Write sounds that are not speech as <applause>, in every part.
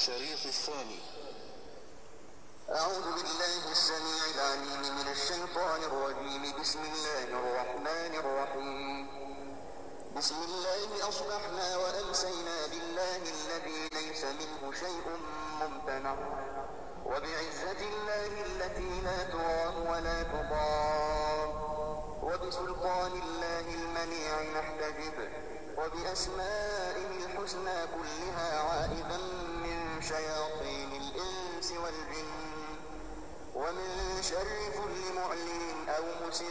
الشريط الثاني أعوذ بالله السميع العليم من الشيطان الرجيم بسم الله الرحمن الرحيم بسم الله أصبحنا وأمسينا بالله الذي ليس منه شيء ممتنع وبعزة الله التي لا تراه ولا تضام وبسلطان الله المنيع نحتجب وبأسمائه الحسنى كلها عائدا شياطين الإنس والجن ومن شر كل معلن أو مسر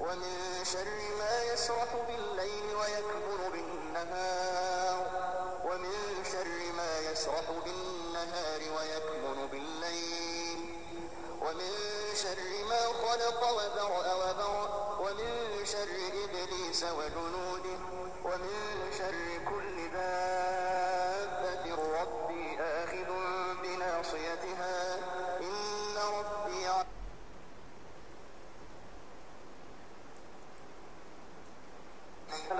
ومن شر ما يسرح بالليل ويكبر بالنهار ومن شر ما يسرح بالنهار ويكبر بالليل ومن شر ما خلق وبرأ وبرأ ومن شر إبليس وجنوده ومن شر كل ذات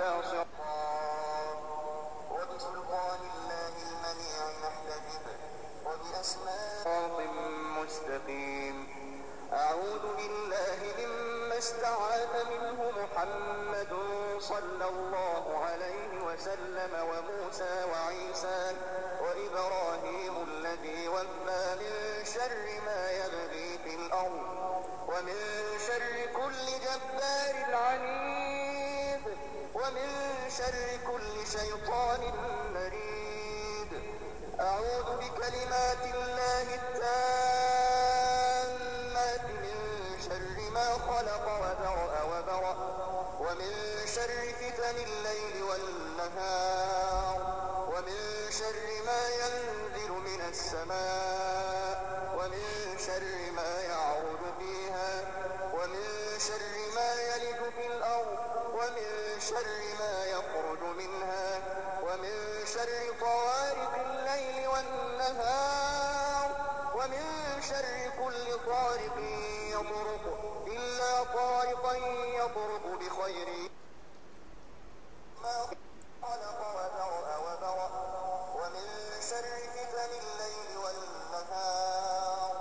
على صراط وبسلطان الله المنيع المحتجب وبأسماء صراط مستقيم أعوذ بالله مما استعاذ منه محمد صلى الله عليه وسلم وموسى وعيسى وإبراهيم الذي وفى من شر ما يبغي في الأرض ومن شر كل جبار عنيد ومن شر كل شيطان مريد أعوذ بكلمات الله التامة من شر ما خلق وبرأ وبرأ ومن شر فتن الليل والنهار ومن شر ما ينزل من السماء ومن شر ما يعود فيها ومن شر شر ما يخرج منها ومن شر طوارق الليل والنهار ومن شر كل طارق يطرق إلا طارقا يطرق بخير ما خلق وذرأ وبرأ ومن شر فتن الليل والنهار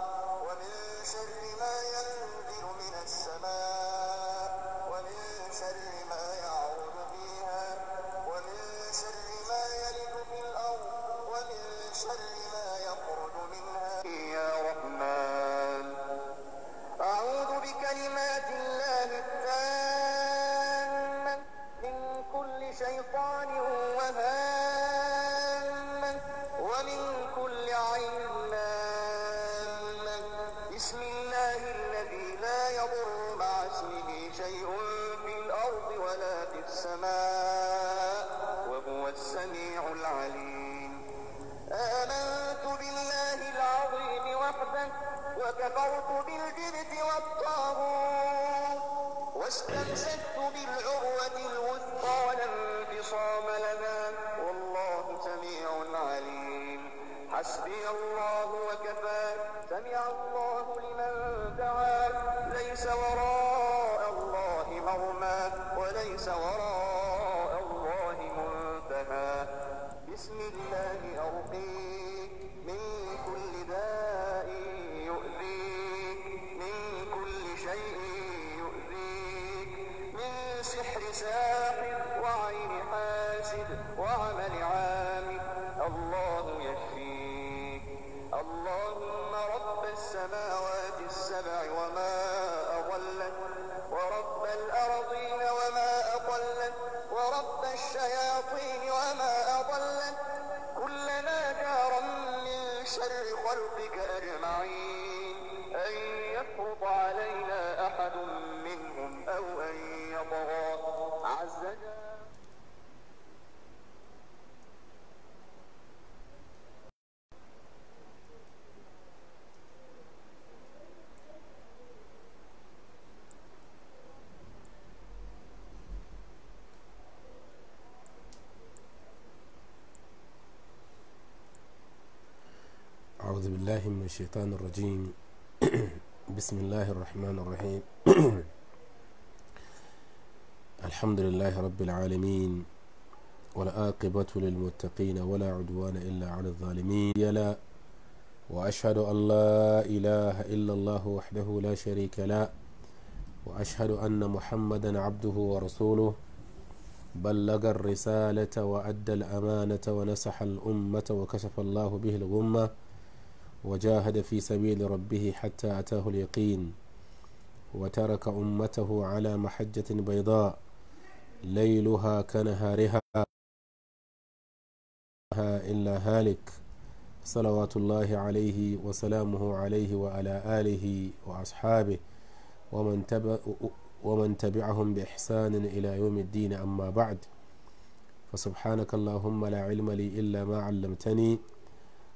ومن شر ما ينزل من السماء كفرت بالجبت والطاغوت واستمسكت بالعروة الوثقى ولا انفصام لها والله سميع عليم حسبي الله وكفى سمع الله لمن دعا ليس وراء الله مرمى وليس وراء الله منتهى بسم الله أرقيم السبع وما أضلت ورب الأرضين وما أضلت ورب الشياطين وما أضلت كل ناجارا من شر خلقك أجمعين أن يفرط علينا أحد منهم أو أن يطغى عز جل أعوذ بالله من الشيطان الرجيم <clears throat> بسم الله الرحمن الرحيم <clears throat> الحمد لله رب العالمين والآقبة للمتقين ولا عدوان إلا على الظالمين يلا وأشهد أن لا إله إلا الله وحده لا شريك لا وأشهد أن محمدا عبده ورسوله بلغ الرسالة وأدى الأمانة ونسح الأمة وكشف الله به الغمة وجاهد في سبيل ربه حتى أتاه اليقين وترك أمته على محجة بيضاء ليلها كنهارها إلا هالك صلوات الله عليه وسلامه عليه وعلى آله وأصحابه ومن, تبع ومن تبعهم بإحسان إلى يوم الدين أما بعد فسبحانك اللهم لا علم لي إلا ما علمتني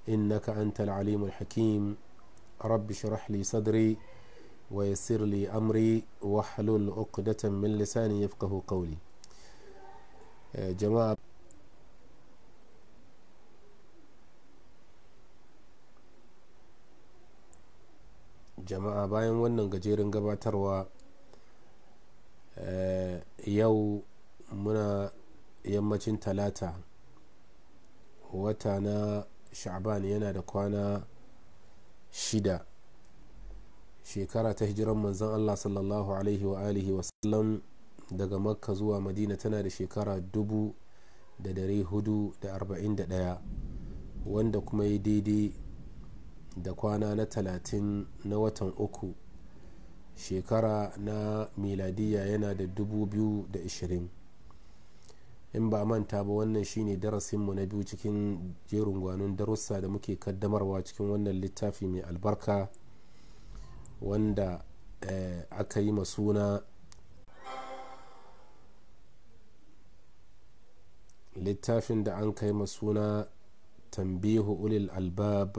إنك أنت العليم الحكيم رب اشرح لي صدري ويسر لي أمري واحلل عقدة من لساني يفقه قولي آه، جماعة جماعة bayan ونن قجير gabatarwa تروى آه، يو منا يمتين ثلاثة وتنا sha'ban yana da kwana shida shekara ta hijiran manzon allah sallallahu alaihi wa alihi wasallam daga makka zuwa madina tana da shekara dubu da dare hudu da arba'in da daya wanda kuma ya daidai da kwana na talatin na watan uku shekara na miladiya yana da dubu biyu da ishirin in ba manta ba wannan shine darasinmu na biyu cikin jerin gwanon darussa da muke kaddamarwa cikin wannan littafi mai albarka wanda eh, aka yi masuna littafin da an kai masuna tambihu ulil albab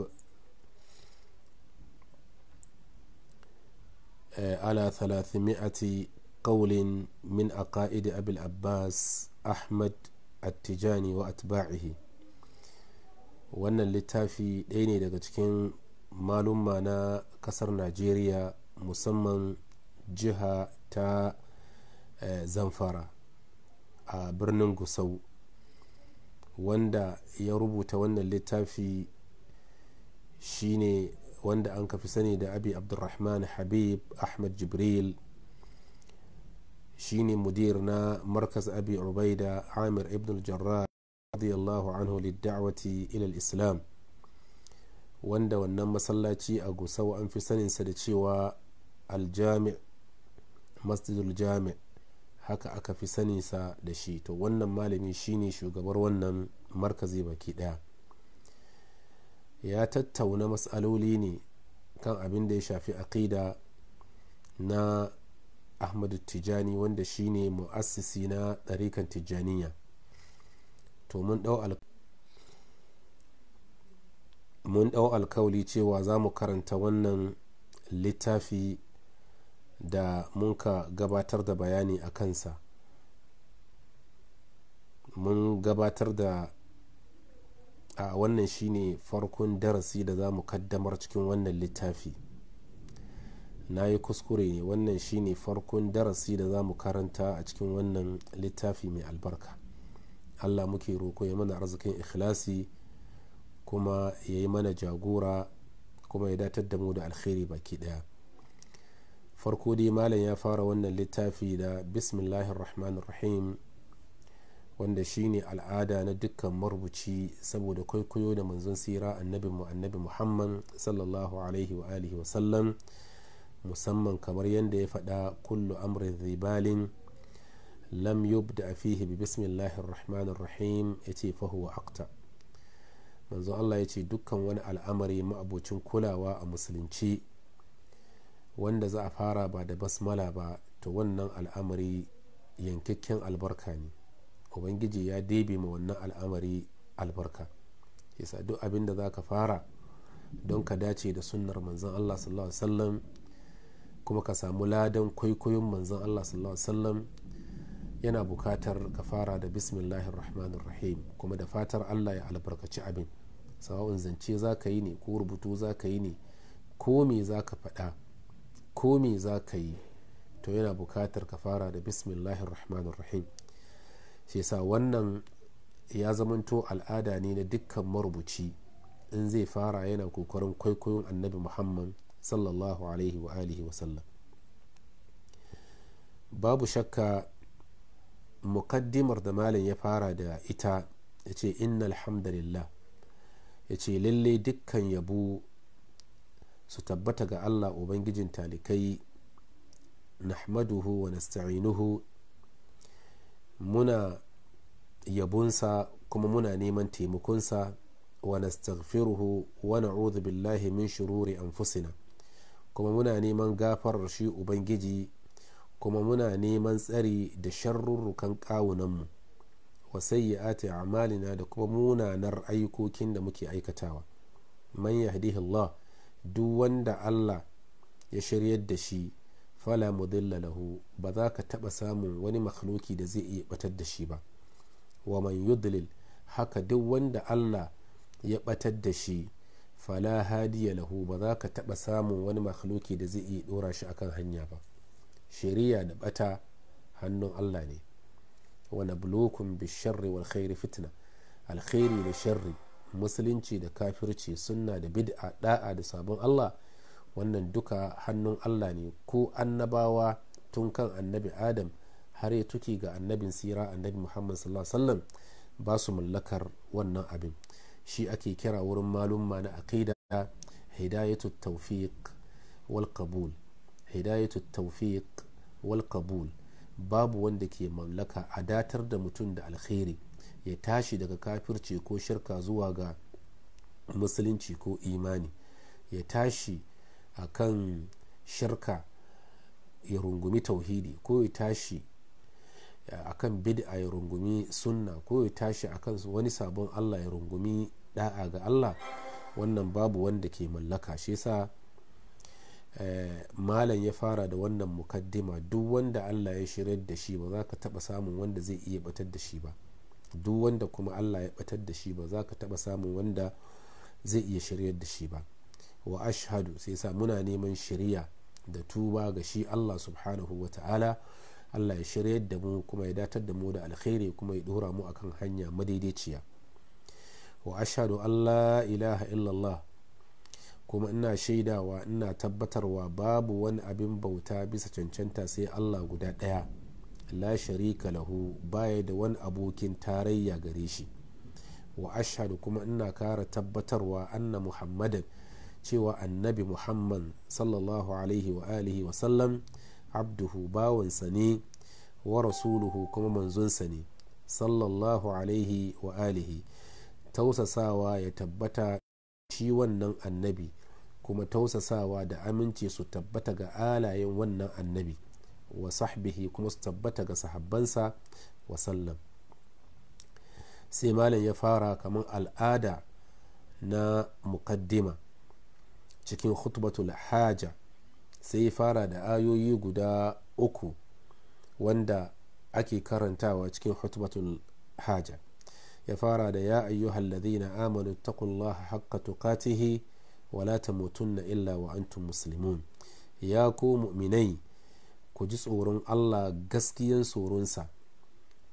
eh, ala 300 qawlin min aqaidi abil abbas ahmad attijani wa atba'ihi wannan littafi ɗaya ne daga cikin malumma na ƙasar najeriya musamman jiha ta eh, zamfara a birnin gusau wanda ya rubuta wannan littafi shine wanda an kafi sani da abi abdulrahman habib ahmad jibril shine mudir na markaz abi ubaida amir ibn al-jarrah radiyallahu anhu lidda'wati ila islam wanda wannan masallaci a gusau an fi saninsa da cewa aljami masjidul jami haka aka fi sa da shi to wannan malami shine shugabar wannan markazi baki daya ya tattauna matsaloli ne kan abin da ya shafi aqida na ahmadu tijani wanda shine mu'assisi na ɗarikan tijaniya to ɗau mun ɗau alkawali cewa za mu karanta wannan littafi da mun ka gabatar da bayani a kansa mun gabatar da a wannan shine farkon darasi da za mu kaddamar cikin wannan littafi na yi kuskure ne wannan shine farkon darasi da za mu karanta a cikin wannan littafi mai albarka allah muke roko ya mana arzikin ikhlasi kuma ya yi mana jagora kuma ya datar da mu da alkhairi baki daya farko dai malam ya fara wannan littafi da bismillahirrahmanirrahim wanda shine al'ada na dukkan marubuci saboda kwaikwayo da manzon sira annabi mu annabi muhammad sallallahu alaihi wa alihi wa sallam musamman kamar yadda ya faɗa kullu amrin zibalin lam yubda fihi bi bismillahir rahmanir rahim yace fa huwa akta manzo Allah yace dukkan wani al'amari ma'abocin kulawa a musulunci wanda za a fara ba da basmala ba to wannan al'amari yankakken albarka ne ubangiji ya debe ma wannan al'amari albarka yasa duk abin da za ka fara don ka dace da sunnar manzon Allah sallallahu alaihi wasallam kuma ka samu ladan kwaikwayon manzon allah sallallahu alaihi wasallam yana bukatar ka fara da bismillahir rahmanir rahim kuma da fatar allah ya albarkaci abin sawa'un zance za ka yi ne ko rubutu za ka yi ne ko me za ka faɗa ko me za ka yi to yana bukatar ka fara da bismillahir rahmanir rahim shi yasa wannan ya zamanto al'ada ne na dukkan marubuci in zai fara yana kokarin kwaikwayon annabi muhammad sallallahu alaihi wa alihi sallam babu shakka mukaddimar da malam ya fara da ita ya ce innal hamdalillah ya ce lalle dukkan yabo su tabbata ga allah ubangijin talikai nahmaduhu wa nasta'inuhu muna yabunsa kuma muna neman taimakonsa wa nastaghfiruhu wa na'udhu billahi min shururi anfusina kuma muna neman gafarar shi ubangiji kuma muna neman tsari da sharrurrukan kawunanmu wa sayyi'ati a'malina da kuma munanar aikokin da muke aikatawa man yahdihillah duk wanda Allah ya shiryar da shi fala mudilla lahu ba za ka taɓa samun wani makhluki da zai iya batar da shi ba wa man yudlil haka duk wanda Allah ya batar da shi fala hadiya lahu ba za ka taɓa samun wani makhluki da zai iya ɗora shi akan hanya ba shari'a da ɓata hannun allah ne wani bulokun bisharri wal khairi fitna alkhairi da sharri musulunci da kafirci sunna da bid'a da'a da sabon allah wannan duka hannun allah ne ko annabawa tun kan annabi adam har ya tuki ga annabin sira annabi muhammad sallallahu alaihi wasallam ba su mallakar wannan abin shi ake kira wurin malumma na aqida hidayatu tawfiq wal qabul hidayatu tawfiq wal qabul babu wanda ke mallaka a datar da mutum da alkhairi ya tashi daga kafirci ko shirka zuwa ga musulunci ko imani ya tashi akan shirka ya rungumi tauhidi ko ya tashi akan bid'a ya rungumi sunna ko ya tashi akan wani sabon allah ya rungumi da'a ga allah wannan babu wanda ke mallaka shi sa eh, malam ya fara da wannan mukaddima duk wanda allah ya shirar da shi ba za ka taba samun wanda zai iya batar da shi ba duk wanda kuma allah ya batar da shi ba za ka taba samun wanda zai iya shiryar da shi ba wa ashhadu sai sa muna neman shirya da tuba ga shi allah subhanahu wa ta'ala allah ya shirya da mu kuma ya datar da mu da alkhairi kuma ya dora mu akan hanya madaidaiciya wa ashadu allah ilaha illallah kuma ina shaidawa ina tabbatarwa babu wani abin bauta bisa cancanta sai allah guda ɗaya la sharika lahu baya da wani abokin tarayya gare shi wa ashadu kuma ina kara tabbatarwa anna muhammadan cewa annabi muhammad sallallahu alaihi wa alihi wa sallam abduhu bawansa ne wa rasuluhu kuma manzonsa ne sallallahu alaihi wa alihi tausasawa ya tabbata shi wannan annabi kuma tausasawa da aminci su tabbata ga alayen wannan annabi wa sahbihi kuma su tabbata ga sahabbansa wa sallam sai malam ya fara kamar al'ada na mukaddima cikin khutbatul haja sai fara da ayoyi guda uku wanda ake karantawa cikin hutbatul haja ya fara da ya ayyuhal ladhina amanu taqullaha haqqa tuqatihi wa la tamutunna illa wa antum muslimun ya ku mu'minai ku ji tsoron Allah gaskiyan tsoronsa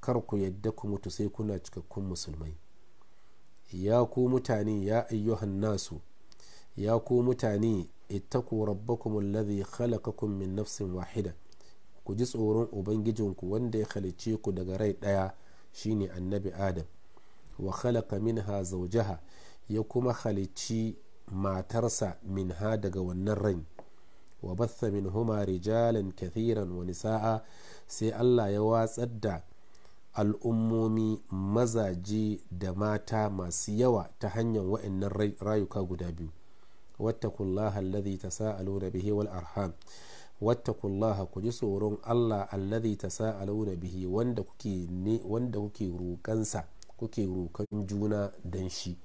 kar ku yadda ku mutu sai kuna cikakkun musulmai ya ku mutane ya ayyuhan nasu ya ku mutane ittaku rabbakum alladhi khalaqakum min nafsin wahida ku ji tsoron ubangijinku wanda ya halicce ku daga rai ɗaya shine annabi adam wa khalaqa minha zawjaha ya kuma halicci matarsa minha daga wannan rai wa batha minhuma rijalan kathiran wa nisa'a sai Allah ya watsar da al'ummomi mazaje da mata masu yawa ta hanyar wa'annan rayuka guda biyu واتقوا الله الذي تساءلون به والأرحام واتقوا الله كجي سورون الله الذي تساءلون wanda kuke ne wanda kuke roƙansa kuke juna dan shi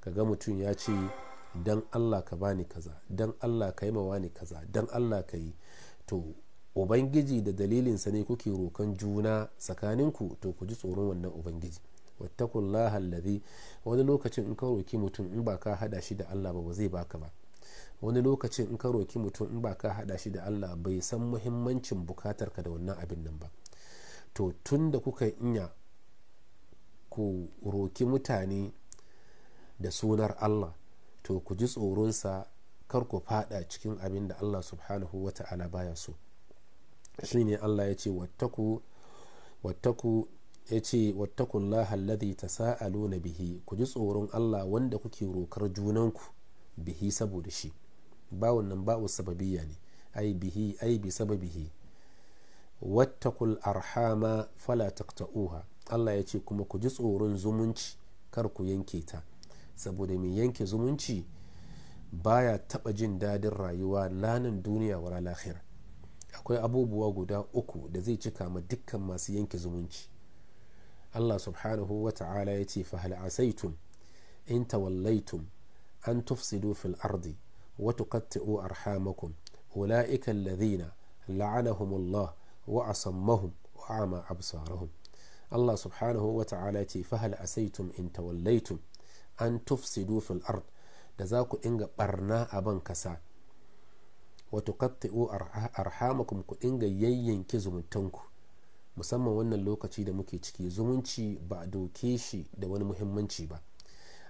kaga mutum ya ce dan Allah ka bani kaza dan Allah ka yi mawa kaza dan Allah ka yi to ubangiji da dalilinsa ne kuke rokan juna tsakaninku to ku ji tsoron wannan ubangiji wattaqullaha wani lokacin in ka roki mutum in ba ka hada shi da Allah ba ba zai baka ba wani lokacin in ka roki mutum in ba ka hada shi da Allah bai san muhimmancin bukatar ka da wannan abin nan ba to tun da kuka inya ku roki mutane da sunar Allah to ku ji tsoronsa kar ku fada cikin abin da Allah subhanahu wata'ala baya so shine Allah ya ce wattaku wattaku ya ce sa alladhi tasa'aluna bihi ku ji tsoron Allah wanda kuke rokar junanku bihi saboda shi ba ba wasu ba'u ya ne ai bihi ai bi sababihi wattakul arhama fala taqta'uha Allah ya ce kuma ku ji tsoron zumunci kar ku yanke ta saboda mai yanke zumunci baya taba jin dadin rayuwa lanin duniya wa lahira akwai abubuwa guda uku da zai cika ma dukkan masu yanke zumunci Allah subhanahu wa ta'ala ya ce fa asaitum in tawallaitum an tufsidu fil ardi wa tuqatti'u arhamakum ulaika alladhina la'anahumullah wa asammahum wa ama absarahum Allah subhanahu wa ta'ala ya ce fa asaitum in tawallaitum an tufsidu fil ard da za ku dinga barna a ban kasa wa tuqatti'u arhamakum ku dinga yayyanke zumuntanku musamman wannan lokaci da muke ciki zumunci ba a doke shi da wani muhimmanci ba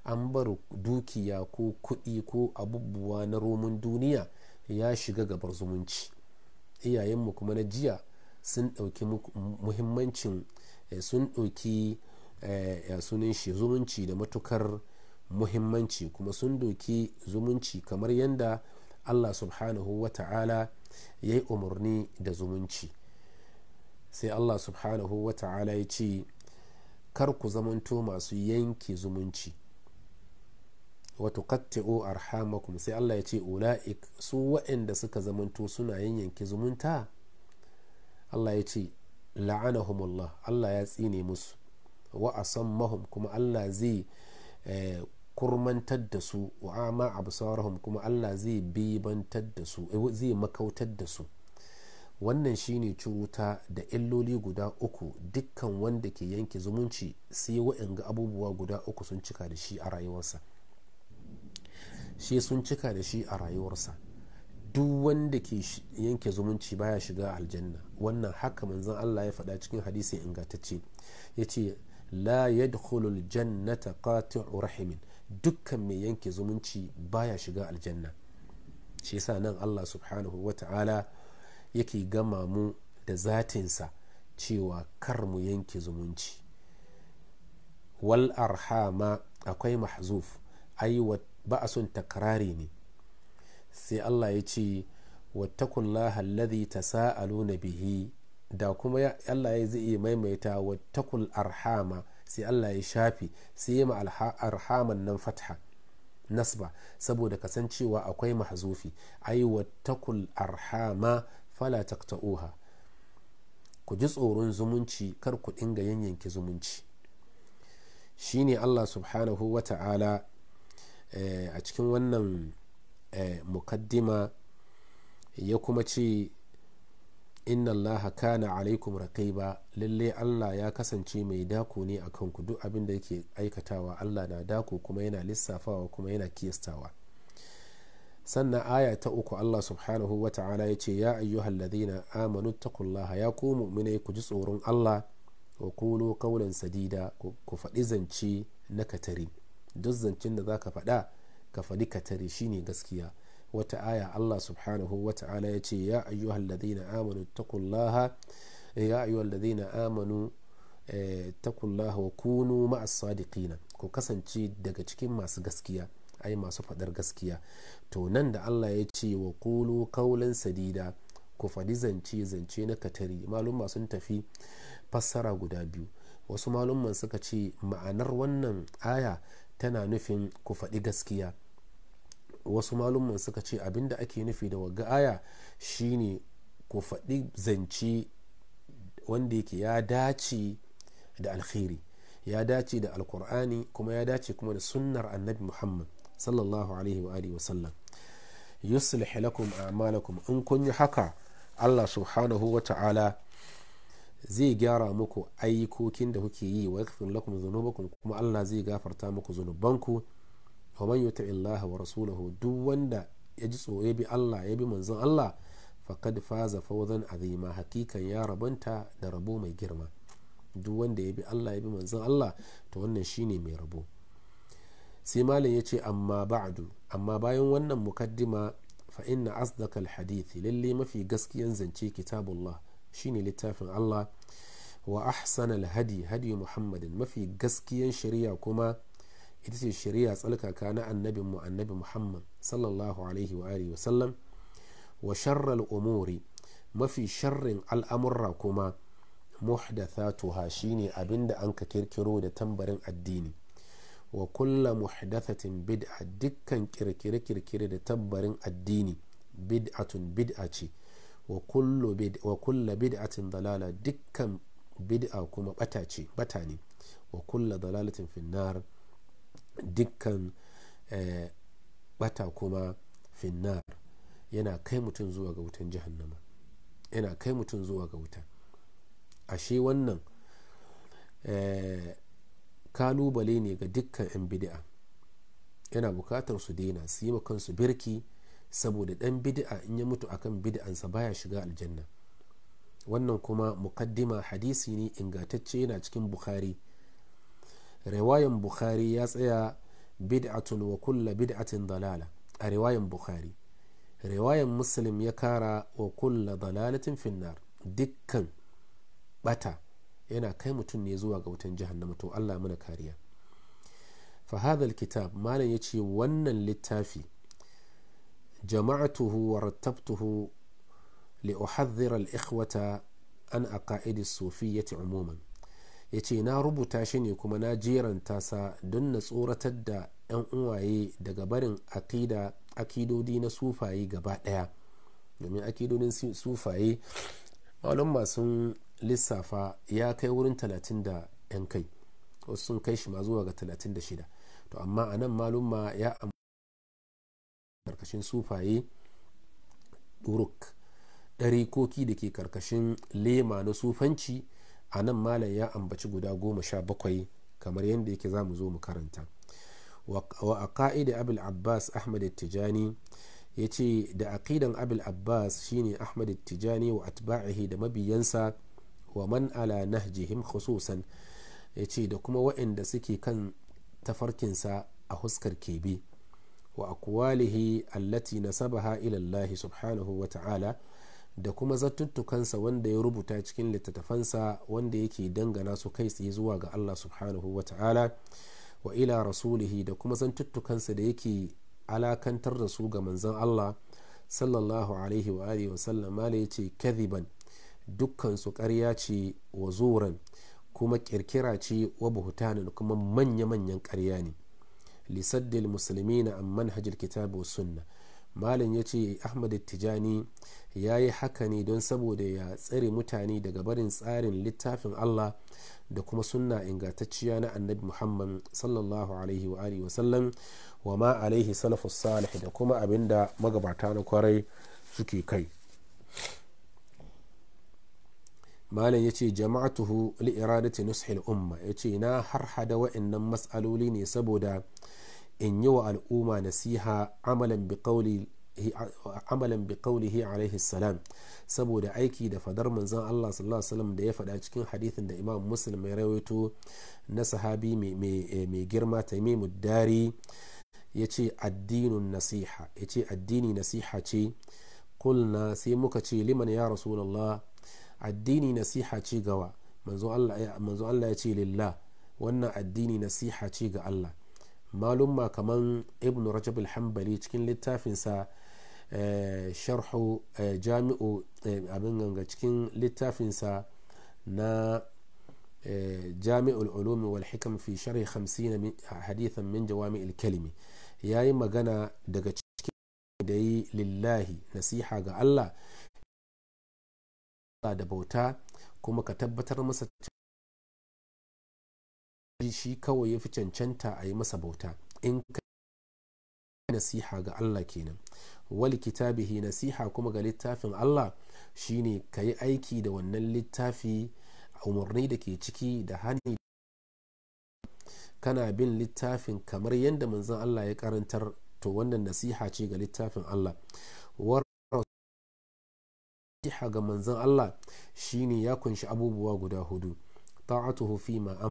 an bar dukiya ko kuɗi ko abubuwa na roman duniya ya shiga gabar zumunci iyayenmu kuma na jiya sun ɗauki muhimmancin eh, sun ɗauki eh, sunan shi zumunci da matukar muhimmanci kuma sun doki zumunci kamar yadda allah subhanahu wa ta'ala ya yi umarni da zumunci sai allah subhanahu wa ta'ala ya ce kar ku zamanto masu yanke zumunci wato katti'o arhamakum sai allah ya ce ula'ik su waɗanda suka zamanto suna yanki zumunta allah ya ce la'anahumullah allah ya tsine musu wa asammahum kuma allah zai eh, kurmantar da su wa abu kuma allah zai bibantar da su eh, zai makautar da su wannan shine cuta da illoli guda uku dukkan wanda ke yanke zumunci sai wa'anga abubuwa guda uku sun cika da shi a rayuwarsa shi sun cika da shi a rayuwarsa duk wanda ke yanke zumunci baya shiga aljanna wannan haka manzon Allah ya faɗa cikin hadisi ingantacce ce la yadkhulu aljannata qati'u rahimin dukkan mai yanke zumunci baya shiga aljanna shi yasa nan Allah subhanahu ta'ala. yake gama mu da zatinsa cewa kar mu yanke zumunci wal arhama akwai mahzuf ai ba'asun takrari ne sai Allah ya ce wattakullaha alladhi tasaaluna bihi da kuma Allah ya zai maimaita wattakul arhama sai Allah ya shafi sai yi arhaman nan fatha nasba saboda kasancewa akwai mahzufi ai wattakul arhama fala taqta'uha ku ji tsoron zumunci kar ku dinga yanyanke zumunci shi ne Allah subhanahu wa ta'ala eh, a cikin wannan eh, mukaddima ya kuma ce inna allaha kana alaikum raqiba lalle allah ya kasance mai dako ne a kanku duk abin da yake aikatawa allah na dako kuma yana lissafawa kuma yana kiyastawa sannan aya ta uku allah subhanahu wa ta'ala ya ce ya ayyuhal ladina amanu taqullaha ya ku mu'mine ku ji tsoron allah wa kulu kaunan sadida ku faɗi zance na katari duk zancen da za ka faɗa ka faɗi katari shine gaskiya wata aya allah subhanahu wa ta'ala ya ce ya ayyuhal ladina amanu taqullaha ya ayyuhal ladina amanu eh, wa kunu ma'as sadiqina ku kasance daga cikin masu gaskiya ai masu faɗar gaskiya to nan da allah ya ce wa kulu kaulan sadida ku faɗi zance zance na katari malumma sun tafi fassara guda biyu wasu malumman suka ce ma'anar wannan aya tana nufin ku faɗi gaskiya wasu malumman suka ce abinda ake nufi da wagga aya shine ku faɗi zance wanda yake ya dace da alkhiri ya dace da alkur'ani kuma ya dace kuma da sunnar annabi muhammad sallallahu alaihi wa alihi wasallam yuslih lakum a'malakum in kun yi haka Allah subhanahu wa ta'ala zai gyara muku ayyukokin da kuke yi wa yaghfir lakum dhunubakum kuma Allah zai gafarta muku zunubanku wa man yuti Allah wa rasulahu duk wanda ya ji tsoro bi Allah ya bi manzon Allah faqad faza fawzan azima hakikan ya rabanta da rabo mai girma duk wanda ya bi Allah ya bi manzon Allah to wannan shine mai rabo sai malam ya ce amma ba'du amma bayan wannan mukaddima fa inna asdaka alhadith lalle mafi gaskiyan zance kitabullah shine littafin Allah wa ahsan alhadi hadi muhammadin mafi gaskiyan shari'a kuma ita ce shari'a tsalkaka na annabin mu annabi muhammad sallallahu alaihi wa alihi wa sallam wa sharral umuri mafi sharrin al'amurra kuma muhdathatuha shine abinda an ka kirkiro da tambarin addini wa kulla muhdathatin bid'a dukkan kirkire-kirkire da tabbarin addini bid'atun bid'a ce wa kulla bid'atin dalala dukkan bid'a kuma bata ce bata ne wa kulla dalalatin finnar dukkan eh, bata kuma finnar yana kai mutum zuwa ga wutan jahannama yana kai mutum zuwa ga wuta ashe wannan eh, kalubale ne ga dukkan 'yan bid'a yana bukatar su daina su yi kansu birki saboda dan bid'a in ya mutu akan bid'ansa baya shiga aljanna wannan kuma mukaddima hadisi ne ingantacce yana cikin bukhari riwayan bukhari ya tsaya bid'atun wa kulla bid'atin dalala a riwayan bukhari riwayan muslim ya kara wa kulla dalalatin finnar dukkan bata yana kai mutum ne zuwa ga wutan jahannama to Allah mana kariya fa hadha kitab malam yace wannan littafi jama'atuhu wa rattabtuhu li uhadhdhira al ikhwata an aqaid as sufiyyati umuman yace na rubuta shi ne kuma na jeranta sa don na tsoratar da yan uwaye daga barin akida akidodi na sufaye gaba daya domin akidodin sufaye malumma sun lissafa ya kai wurin 30 da 'yan kai wasu sun kai shi ma zuwa ga 36 to amma a nan malumma ya karkashin sufaye ɗari koki da ke karkashin lema na sufanci a nan malam ya ambaci guda goma sha bakwai kamar yadda yake za mu zo mu karanta wa a ka'ida abul abbas ahmad tijani ya ce da aqidan abul abbas shine ahmad tijani wa atba'ihi da mabiyansa wa man ala nahjihim khususan ya ce da kuma waɗanda suke kan tafarkinsa a huskar kebe wa akwalihi allati nasabaha ilallahi subhanahu wa ta'ala da kuma zattuttukansa wanda ya rubuta cikin littattafansa wanda yake dangana su kai tsaye zuwa ga Allah subhanahu wa ta'ala wa ila rasulihi da kuma zantuttukansa da yake alakantar da su ga manzon Allah sallallahu alaihi wa alihi wa sallam mala yace kadiban. dukkansu karya ce wa zuran kuma kirkira ce wa buhutanin kuma manya-manyan ƙarya ne lisaddil musulmi na amman hajjil kitabu sunna malin ya ce ahmad tijani ya yi haka ne don saboda ya tsare mutane daga barin tsarin littafin allah da kuma sunna ingantacciya na annabi muhammad sallallahu alaihi wa alihi wasallam wa ma alaihi salafus salih da kuma abinda magabata na kwarai suke kai malam ya ce jama'atuhu li'iradati nushil umma ya ce na harhada wa'annan matsaloli ne saboda in yi wa al'umma nasiha amalan bi qawlihi alaihi salam saboda aiki da fadar manzon Allah sallallahu alaihi wasallam da ya faɗa cikin hadithin da Imam Muslim ya rawaito na sahabi mai girma Tamimu Dari yace ce addinun nasiha yace addini nasiha ce kulna sai muka ce liman ya rasulullah addini nasiha ce wa manzo Allah ya ce lillah wannan addini nasiha ce ga Allah ma kaman ibn rajab al cikin littafinsa eh, sharhu eh, jami'u eh, abin ganga cikin littafinsa na jami'ul ulumi wal hikam fi sharhi 50 hadithan min ilkalimi kalimi yayi magana daga cikin da yi lillahi nasiha ga Allah da bauta kuma ka tabbatar masa shi kawai ya fi cancanta a yi masa bauta in ka nasiha ga Allah kenan wal kitabihi nasiha kuma ga littafin Allah shine ka yi aiki da wannan littafi umarni da ke ciki da hani kana bin littafin kamar yadda manzon Allah ya karantar to wannan nasiha ce ga littafin Allah nasiha ga manzon Allah shine ya kunshi abubuwa guda hudu ta'atuhu fi ma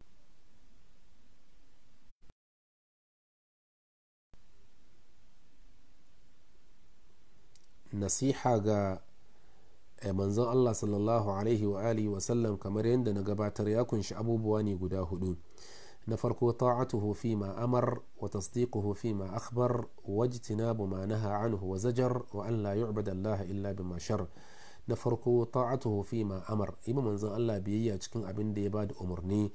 nasiha ga eh, manzon Allah sallallahu alaihi wa alihi wa sallam kamar yadda na gabatar ya kunshi abubuwa ne guda hudu na farko ta'atuhu fi ma amar wa tasdiquhu fi ma akhbar wa ijtinabu ma naha anhu wa zajar wa an la yu'bada Allah illa bima shar na farko ta'atuhu fi ma amar yi manzon Allah biyayya cikin abin da ya ba da umarni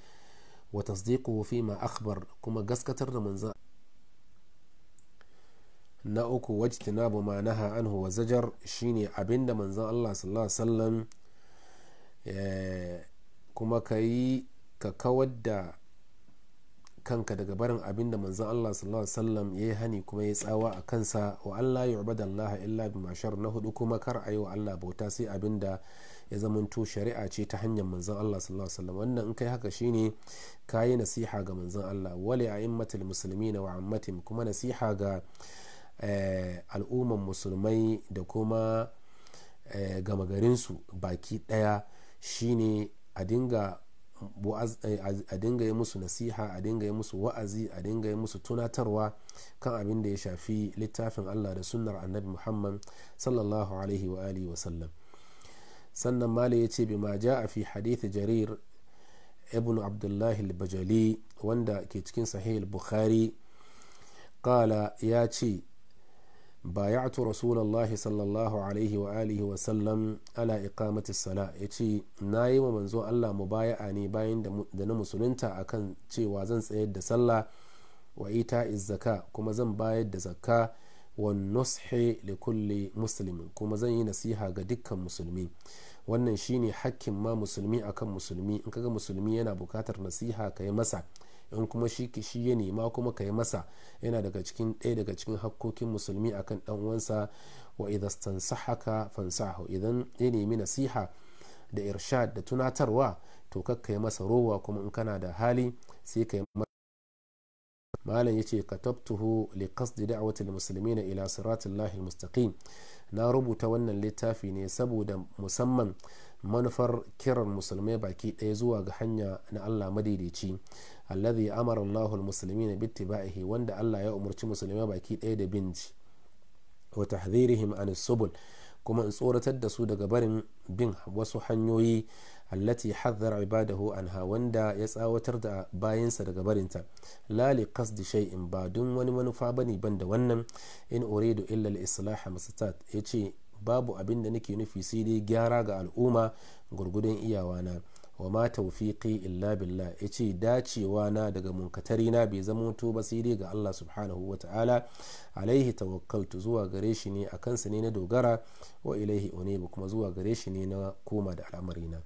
wa tasdiquhu fi ma akhbar kuma gaskatar da manzon na uku wajtinabu ma naha anhu wa zajar shine abin da manzon Allah sallallahu alaihi wasallam eh, kuma ka yi ka kawar da kanka daga barin abin da manzon Allah sallallahu alaihi wasallam yi hani kuma ya tsawa a kansa wa Allah ubada Allah illa mashar na hudu kuma kar ayi wa Allah bauta sai abin da ya zamanto shari'a ce ta hanyar manzon Allah sallallahu alaihi wasallam wannan in kai haka shine kayi nasiha ga manzon Allah wali a'immatul muslimin wa ammatim kuma nasiha ga eh, al'umman musulmai da kuma eh, gama garinsu baki daya shine a dinga Eh, a dinga yi musu nasiha a dinga yi musu wa'azi a dinga yi musu tunatarwa kan abin da ya shafi littafin allah da sunnar annabi muhammad sallallahu alaihi wa alihi sannan mali ya ce bima ja a fi hadith jarir ibn abdullahi al-bajali wanda ke cikin sahih al-bukhari kala ya ce bayatu rasulullahi sallallahu alaihi wa alihi wa sallam ala iqamati sala yace na yi wa manzo Allah mubaya'a ne bayan da na musulunta akan cewa zan tsayar da sallah wa ita zaka kuma zan bayar da zakka wa nushi li kulli muslimin kuma zan yi nasiha ga dukkan musulmi wannan shine hakkin ma musulmi akan musulmi in kaga musulmi yana bukatar nasiha ka yi masa in kuma shi ki shi ya nema kuma ka yi masa yana daga cikin ɗaya daga cikin hakkokin musulmi akan ɗan uwansa wa idan stansahaka fansahu idan ya nemi nasiha da irshad da tunatarwa to kakka yi masa rowa kuma in kana da hali sai ka yi malam yace katabtuhu li qasdi musulmi na ila siratil lahi na rubuta wannan littafi ne saboda musamman manufar kiran musulmai baki ɗaya zuwa ga hanya na Allah madaidaici alladhi amara Allahu almuslimina bittiba'ihi wanda Allah ya umarci musulmai baki ɗaya da bin wa tahdhirihim an subul kuma in tsoratar da su daga barin bin wasu hanyoyi allati haddara ibadahu anha wanda ya tsawatar da bayansa daga barinta la li qasdi shay'in ba dun wani manufa bane banda wannan in uridu illa al-islah masatat yace babu abinda da nake nufi sai dai gyara ga al'umma gurgudun iyawana wa ma tawfiqi illa billah yace dacewa na daga munkatari na bai zama to ba sai dai ga Allah subhanahu ta'ala alaihi tawakkaltu zuwa gare shi ne akan sa ne na dogara wa ilaihi unibu kuma zuwa gare shi ne na koma da al'amarina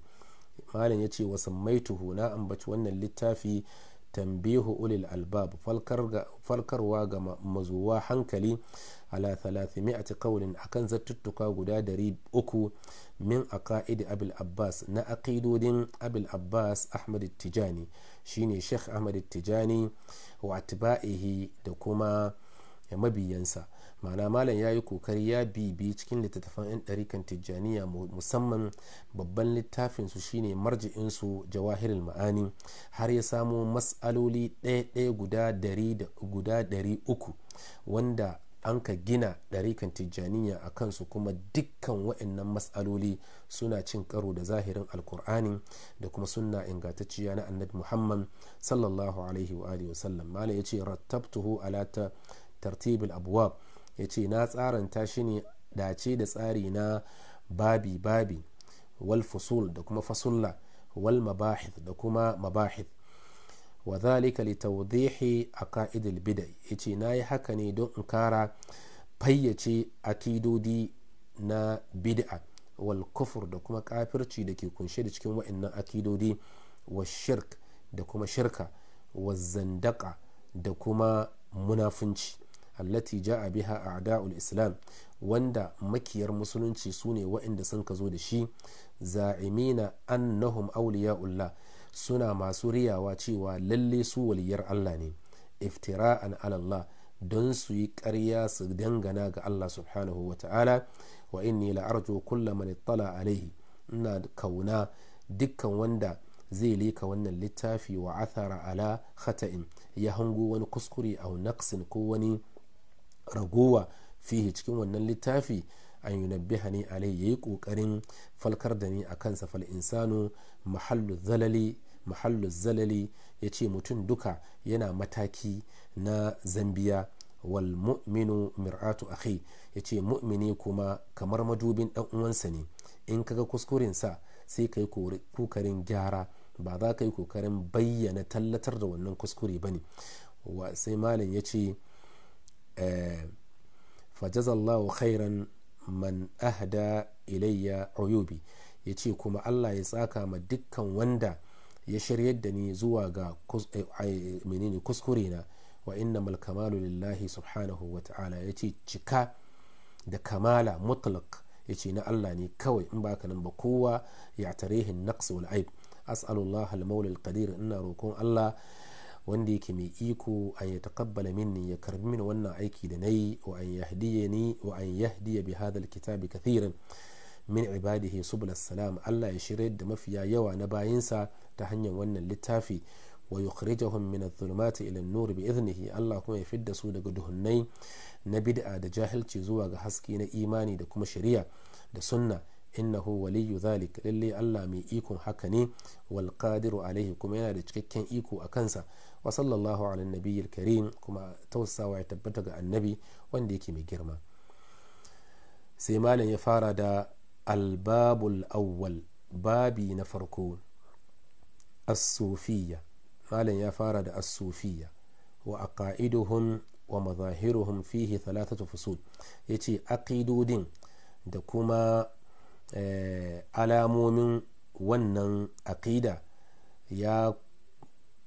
na malam yace wa sammaituhu na ambaci wannan littafi tambihu ulil albab falkarwa ga mazuwa hankali ala 300 qawlin akan zattuttuka guda 300 min a ka'idi abul abbas na aqidodin abul abbas ahmad tijani shine sheikh ahmad tijani wa atba'ihi da kuma mabiyansa ma'ana malam ya yi kokari ya bibi cikin littattafan 'yan ɗarikan tijjaniya musamman babban littafinsu shine marji'in marji'insu jawahirul ma'ani har ya samo matsaloli ɗaya-ɗaya guda ɗari uku wanda an ka gina ɗarikan tijjaniya a kansu kuma dukkan wa'annan matsaloli suna cin karo da zahirin alkur'ani da kuma sunna ingantacciya na annabi muhammad sallallahu alaihi wa alihi wasallam malam ya ce rattabtuhu ala tartibul abwab ya ce na tsaranta shi ne dace da tsari na babi babi wal fusul da kuma fasulla wal mabahith da kuma mabahith wa zalika li tawdihi aqaid al bidai yace nayi haka ne don in kara fayyace akidodi na bid'a wal kufur da kuma kafirci da ke kunshe da cikin wa'annan akidodi wa shirk da kuma shirka wa zandaka da kuma munafunci allati ja'a biha a'da'ul islam wanda makiyar musulunci su ne wa'inda sun ka zo da shi za'imina annahum awliya'ullah suna masu riyawa cewa lalle su waliyar Allah ne iftira'an allah don su yi ƙarya su dangana ga Allah subhanahu wa ta'ala wa inni la'arju kulla man alaihi ina kauna dukkan wanda zai leka wannan littafi wa athara ala khata'in ya hango wani kuskure a naqsin ko wani ragowa fihi cikin wannan littafi an yunabbihani alai yayi kokarin falkar da ni a kansa fal insanu mahallu zalali mahallu zalali yace mutum duka yana mataki na zambiya wal mu'minu mir'atu akhi yace mu'mini kuma kamar madubin dan uwansa ne in kaga kuskuren sa sai kai kokarin gyara ba za ka yi kokarin bayyana tallatar da wannan kuskure ba ne sai malam ya ce eh, fajazallahu khairan man ahda ilayya uyubi ya ce kuma allah ya tsaka ma dukkan wanda ya shiryar da ni zuwa ga eh, menene kuskure na wa inna mal kamalu lillahi subhanahu wa ta'ala ya ce cika da kamala mutlak ya ce na allah ne kawai in baka nan ba kowa ya tarihin naqs wal aib as'alullah al-maula ina roƙon allah wanda yake mai iko an ya taqabbala minni ya karbi min wannan aiki da nayi wa an yahdiyani wa an yahdiya bi hadha kitabi kathiran min ibadihi subul salam Allah ya shirya da mafiya yawa na bayinsa ta hanyar wannan littafi wa yukhrijahum min adh-dhulumati ila an-nur bi idnihi Allah kuma ya fidda su daga duhunnai na bid'a da jahilci zuwa ga haske na imani da kuma shari'a da sunna innahu waliyyu zalik lalle Allah mai ikon haka ne wal qadiru alaihi kuma yana da cikakken iko a kansa wa ala nabiyil karim kuma tausawa ya tabbata ga annabi wanda yake mai girma sai malam ya fara da albabul awwal babi na farko as-sufiyya malam ya fara da as-sufiyya wa aqaiduhum wa mazahiruhum fihi thalathatu fusul yace aqidodin da kuma eh, alamomin wannan aqida ya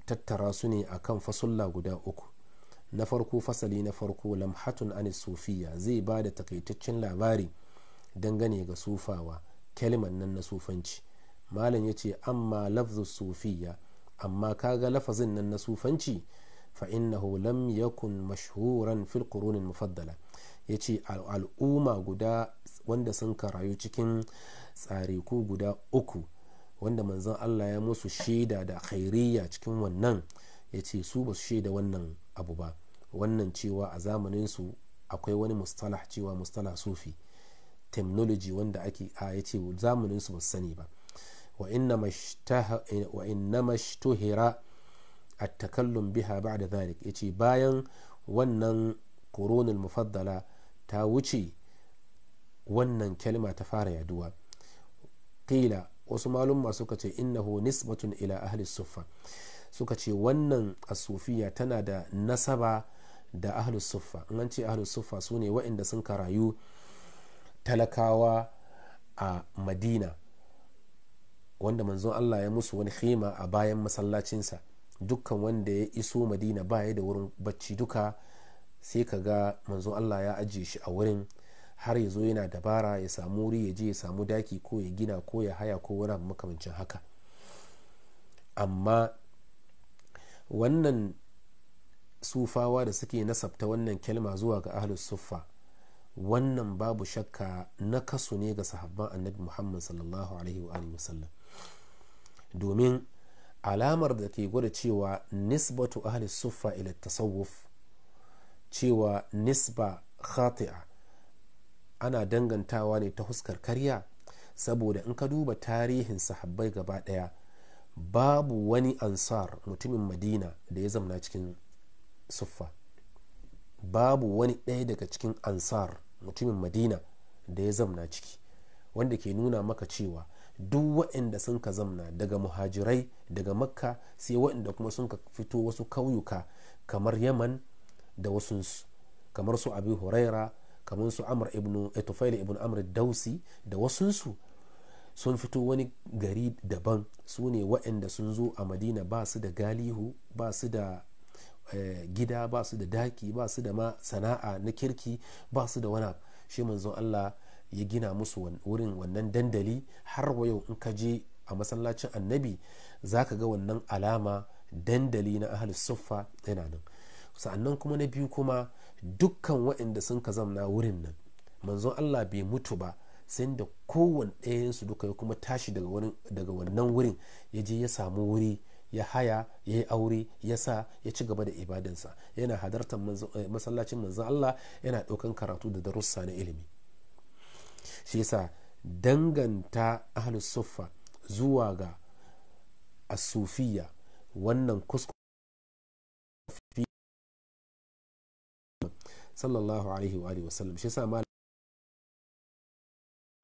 tattara su ne a kan fasulla guda uku na farko fasali na farko lamhatun an sufiya zai ba da takaitaccen labari dangane ga sufawa kalman nan na sufanci malam ya ce amma lafzu sufiya amma kaga lafazin nan na sufanci ina lam yakun mashhuran filkuronin qurunin mufaddala ya ce al'umma guda wanda sun karayu cikin tsariku guda uku wanda manzon Allah ya musu shaida da khairiyya cikin wannan ya ce su ba su shaida wannan abu ba wannan cewa a zamanin su akwai wani mustalah cewa mustalah sufi technology wanda ake a ya ce zamanin su ba su sani ba wa inna mashtuhira at-takallum biha ba'da dhalik yace bayan wannan koronul mufaddala ta wuce wannan kalma ta fara yaduwa kila. wasu malumma suka ce innahu nisbatun ila ahli suffa suka ce wannan asufiya tana da nasaba da ahli suffa in an ce ahli suffa su ne waɗanda sun karayu talakawa a madina wanda manzon allah ya musu wani khima a bayan masallacinsa dukkan wanda ya iso madina baya da wurin bacci duka sai ka ga manzon allah ya ajiye shi a wurin har ya zo yana dabara ya samu wuri ya je ya samu daki ko ya gina ko ya haya ko wani makamancin haka amma wannan sufawa da suke nasabta wannan kelma zuwa ga ahlus suffa wannan babu shakka na kasu ne ga sahabban annabi muhammad sallallahu alaihi wa wasallam domin alamar da ke gwada cewa nisbatu ahlus suffa ila tasawuf cewa nisba khati'a ana dangantawa ne ta huskar karya saboda in ka duba tarihin sahabbai gaba daya babu wani ansar mutumin madina da ya zamna cikin suffa babu wani ɗaya daga cikin ansar mutumin madina da ya zamna ciki wanda ke nuna maka cewa duk waɗanda sun ka zamna daga muhajirai daga makka sai waɗanda kuma sun ka fito wasu kauyuka kamar yaman da wasu kamar su abu huraira kamar su amur ibnu eh, tufail ibnu amur dausi da wasunsu sun fito wani gari daban su ne waɗanda sun zo a madina ba su da galihu ba su da eh, gida ba su da daki ba su da ma sana'a na kirki ba su da wani shi manzon allah ya gina musu wurin wannan dandali har wa yau in ka je a masallacin annabi za ka ga wannan alama dandali na ahal suffa yana nan sa'annan kuma na biyu kuma dukkan waɗanda sun ka zamna wurin nan manzon Allah bai mutu ba sai da kowane su duka ya kuma tashi daga wannan wurin ya je ya samu wuri ya haya ya yi aure ya sa ya ci gaba da ibadansa yana hadartar eh, masallacin manzon Allah yana ɗaukan karatu da darussa na ilimi shi yasa danganta ahlus suffa zuwa ga asufiya wannan kuskure sallallahu alaihi wa wasallam shi sa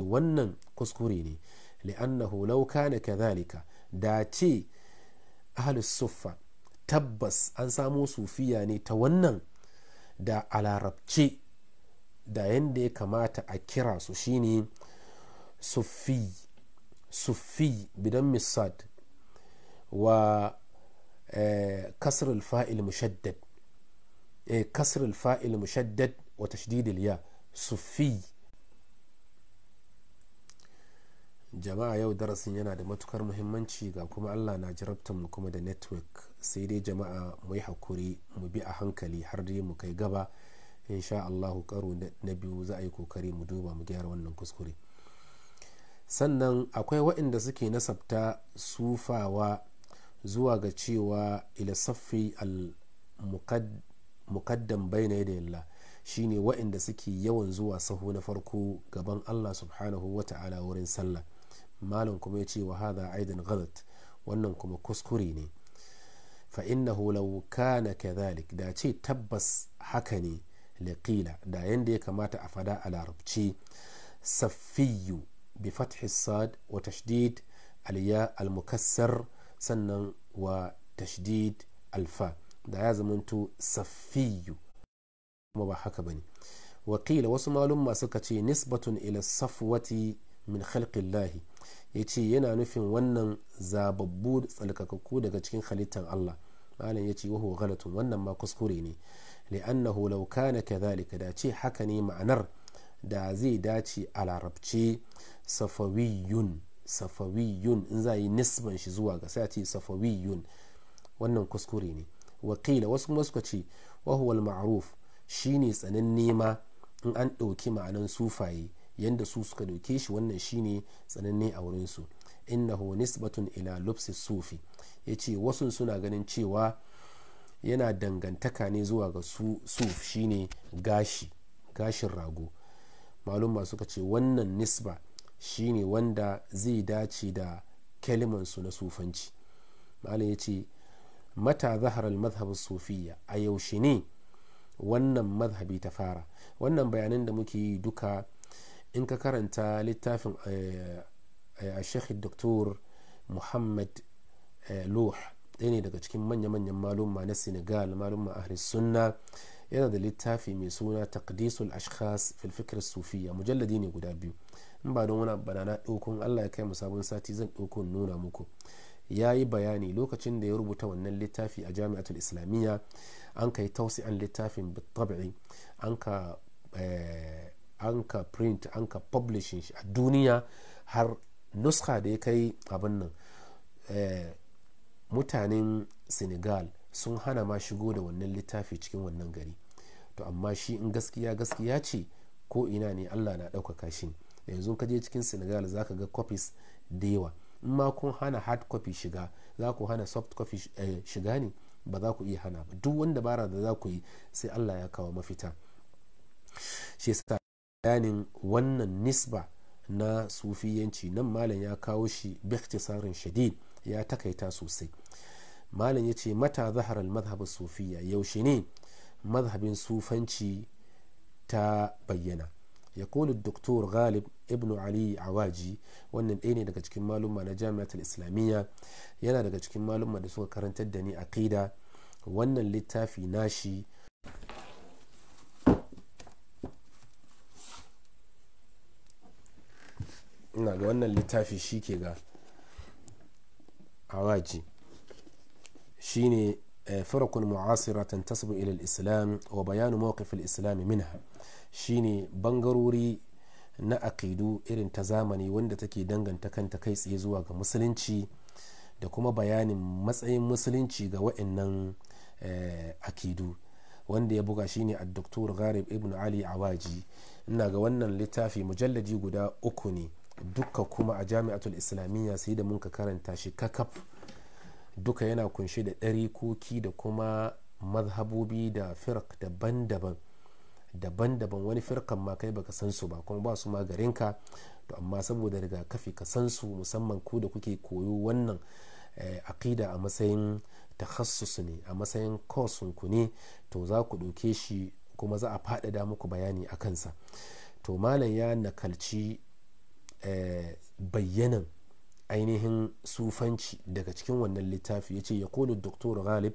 wannan kuskure ne li'annahu law kana kadhalika da ce ahlus suffa tabbas an samo sufiya ne ta wannan da a larabce da yadda ya kamata a kira su shine sufi sufi bidan misad wa eh, kasar fa'il mushaddad kasr al-fa'il mushaddad wa tashdid al-ya sufi jama'a yau darasin yana da matukar muhimmanci ga kuma allah na jarabta mu kuma da network sai dai jama'a mu yi hakuri mu bi a hankali har dai mu kai gaba insha allahu karo na biyu za a yi kokari mu duba mu gyara wannan kuskure sannan akwai waɗanda suke nasabta sufawa zuwa ga cewa ila saffi al muqaddam bayna yalla shine wa'inda suke yawan zuwa sahu na farko gaban Allah subhanahu wa ta'ala wurin sallah malam kuma ya ce wa hadha aidan ghalat wannan kuma kuskure ne fa innahu law kana kadhalik da ce tabbas haka ne liqila da yanda ya kamata a fada a larabci saffiyu bi fathi sad wa tashdid al mukassar sannan wa tashdid alfa da ya zamanto safiyu kuma ba haka bane wakila wasu malumma suka ce nisbatun ila safwati min khalqillahi yace yana nufin wannan zababbu tsalkakakku daga cikin halittar Allah malam yace ce wahu galatun wannan ma kuskure ne li'annahu law kana kadhalika da ce haka ne ma'anar da zai dace a larabce safawiyun safawiyun in za yi nisban shi zuwa ga sai a ce safawiyun wannan kuskure ne wakila wasu kuma suka ce wahuwal ma'ruf shine tsananne ma in an ɗauki ma'anan sufaye yanda su suka ɗauke shi wannan shine tsananne a wurinsu innahu nisbatun ila lubsi sufi ya ce wasu suna ganin cewa yana dangantaka ne zuwa ga suf shine gashi gashin rago malumma suka ce wannan nisba shine wanda zai dace da kalimansu na sufanci malum ya ce mata zahar mazhabin sufiya a yaushe ne wannan mazhabi ta fara wannan bayanin da muke yi duka in ka karanta littafin a eh, eh, shekhi doktor muhammad loh eh, ɗaya ne daga cikin manya-manyan malumma na senegal malumma ahli sunna yana da littafi mai suna takdisul ashkhas fil fikr sufiya mujalladi ne guda biyu in ba don wani banana ɗaukun allah ya kai mu sabon sati zan ɗaukun nuna muku ya yi bayani lokacin da ya rubuta wannan littafi a jami'atul islamiyya an ka yi tausi'an littafin tabi'i eh, an ka print an ka publishing shi a duniya har nuska da ya kai abin nan eh, mutanen senegal sun hana ma shigo da wannan littafi cikin wannan gari to amma shi in gaskiya gaskiya ce ko ina ne allah na ɗaukaka shi yanzu ka je cikin senegal za ka ga copies da yawa in ma kun hana hard copy shiga za ku hana soft copy eh, shiga ne ba za ku iya hana ba duk wanda bara da za ku yi sai allah ya kawo mafita shi yasa bayanin wannan nisba na sufiyanci nan malam ya kawo shi biktisarin shadid ya takaita sosai malam ya ce mata zaharar mazhabin sufiya yaushe ne mazhabin sufanci ta bayyana ya koli doktor ghalib ibn ali awaji wannan ɗaya ne daga cikin malumma na jami'atul islamiyya yana daga cikin malumma da suka karantar da ni aqida wannan littafi nashi ina ga wannan littafi shi ke ga awaji shine eh, firakun mu'asira tantasibu ila islam wa bayanu mawqif al-islam minha shine bangarori na aƙidu irin ta zamani wanda take danganta kanta kai tsaye zuwa ga musulunci da kuma bayanin matsayin musulunci ga wa'annan eh, akidu wanda ya buga shine a doktor gharib ibn ali awaji ina ga wannan littafi mujalladi guda uku ne duka kuma a jami'atul islamiyya sai da ka karanta shi kakaf duka yana kunshe da ɗari koki da kuma mazhabobi da firk daban-daban daban-daban wani firkan ma kai baka san su ba kuma ba su ma garinka to amma saboda rigakafi ka san su musamman ku da kuke koyo wannan eh, aƙida a matsayin takhassus ne a matsayin ku ne to za ku ɗauke shi kuma za a faɗaɗa muku bayani a kansa to malam ya nakalci eh, bayyanan ainihin sufanci daga cikin wannan littafi ya ce ya kolo doktor ghalib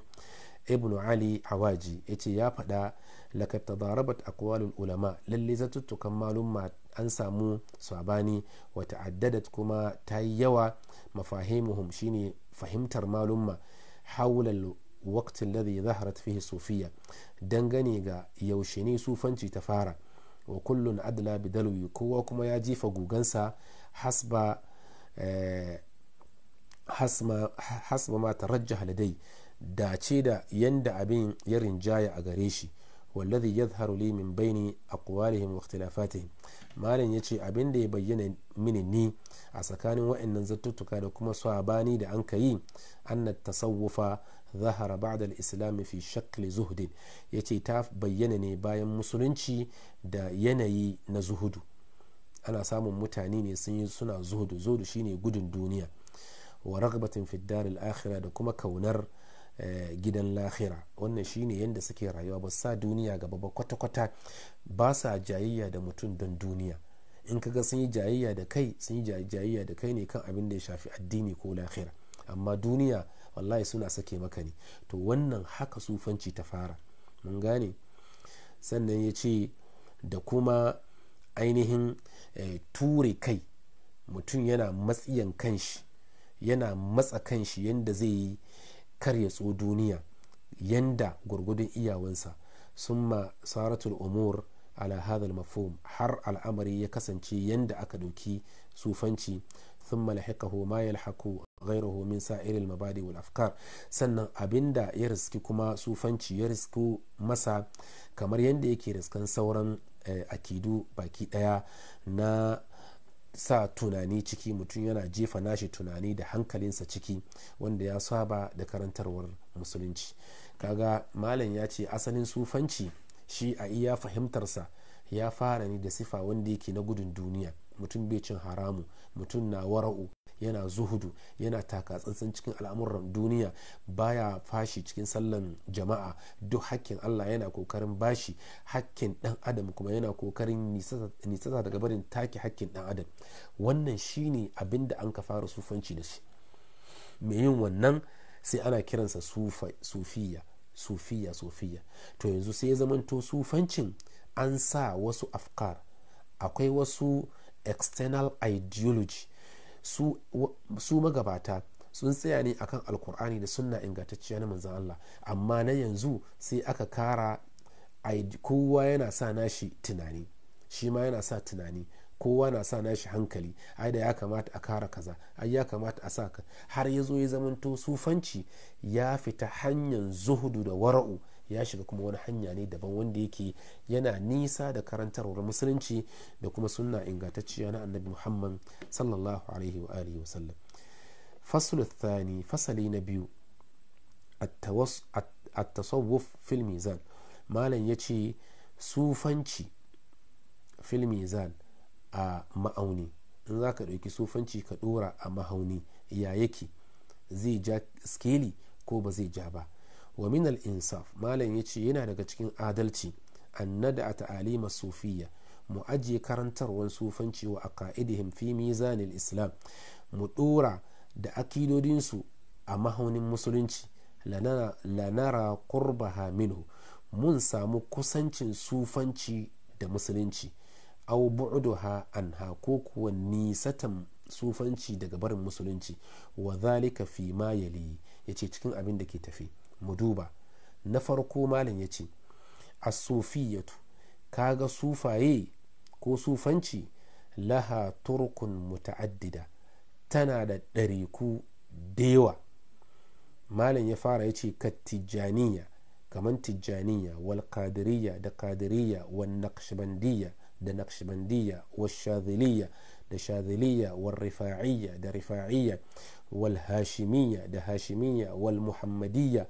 ibn ali hawaji ya ce ya faɗa laqad tadarabat aqwalul ulama lalle zatuttukan malumma an samu sabani wa ta'addadat kuma ta yi yawa mafahimuhum shine fahimtar malumma hawla waqt alladhi zaharat fihi sufiyya dangane ga yaushe ne sufanci ta fara wa kullun adla bidalwi kowa kuma ya jifa gugansa hasba hasba ma tarajjaha ladai dace da yanda abin ya rinjaya a gare shi wallazi yadhharu li min baini aqwalihim wa ikhtilafatihim malam yace abin da ya bayyana mini ni a tsakanin waɗannan zattuttuka da kuma bani da an kayi anna tasawufa zahara ba'da al-islam fi shakl zuhd yace ta bayyana ne bayan musulunci da yanayi na zuhudu ana samun mutane ne sun yi suna zuhudu zuhudu shine gudun duniya wa ragbatin fi dar al-akhirah da kuma kaunar Eh, gidan lahira wannan shine yadda suke rayuwa ba sa duniya gaba ba kwata-kwata ba sa jayayya da mutum don duniya in kaga sun yi jayayya da kai sun yi jayayya da kai ne kan abin da ya shafi addini ko lahira amma duniya wallahi suna sake maka ne to wannan haka sufanci ta fara mun gane sannan ya ce da kuma ainihin eh, ture kai mutum yana matsiyan kanshi yana matsa kanshi yadda zai yi kar ya tso duniya yanda gurgudun iyawansa ma saratul umur ala mafhum har al'amari ya kasance yanda aka doki sufanci thumma lahiqahu ma yalhaqu ghayruhu min sa'iril mabadi wal afkar sannan abinda ya riski kuma sufanci ya riski masa kamar yanda yake riskan sauran eh, akidu baki daya na sa tunani ciki mutum yana jefa nashi tunani da hankalinsa ciki wanda ya saba da karantarwar musulunci kaga malam ya ce asalin sufanci shi a iya fahimtarsa ya fara ne da sifa wanda yake na gudun duniya mutum bai cin haramu mutum na wara'u yana zuhudu yana taka tsantsan cikin al'amuran duniya baya fashi cikin sallan jama'a duk hakkin Allah yana kokarin bashi hakkin dan adam kuma yana kokarin nisata daga barin take hakkin dan adam wannan shine abin da an ka fara sufanci da shi mai yin wannan sai ana kiransa sufiya sufiya sufiya to yanzu sai ya zamanto sufancin an sa wasu afkar akwai wasu external ideology su magabata sun tsaya ne akan alkur'ani da sunna ingantacciya na manzan Allah amma na yanzu sai aka kara kowa yana sa nashi tunani shi ma yana sa tunani kowa na sa nashi hankali ai da ya kamata a kara kaza ai ya kamata a sa ka har ya zo ya zamanto sufanci ya fita hanyar zuhudu da wara'u ya shiga kuma wani hanya ne daban wanda yake yana nisa da karantarwar musulunci da kuma sunna ingantacciya na annabi muhammad sallallahu alaihi wa alihi wasallam fasul thani fasali na biyu at tasawuf fil mizan malam ya ce sufanci fil mizan a ma'auni in za ka ɗauki sufanci ka ɗora a mahauni ya yake zai ja skeli ko ba zai ja ba wa min al-insaf malam yace yana daga cikin adalci annada a ta'alima sufiyya mu ajiye karantarwar sufanci wa a ka'idihim fi mizanin islam mu dora da akidodinsu a mahaunin musulunci lanara qurbaha minhu mun samu kusancin sufanci da musulunci au bu'duha anha ko kuwa sufanci daga barin musulunci wa zalika fi ma yali yace cikin abin da ke tafi مدوبا نفر كوما لنيتي الصوفية كاغا صوفا اي كو صوفانشي لها طرق متعددة تنادى داريكو ديوة مالن يفار يتي كالتجانية كمان تجانية والقادرية دا قادرية والنقشبندية دا نقشبندية والشاذلية دا شاذلية والرفاعية دا رفاعية والهاشمية دا هاشمية والمحمدية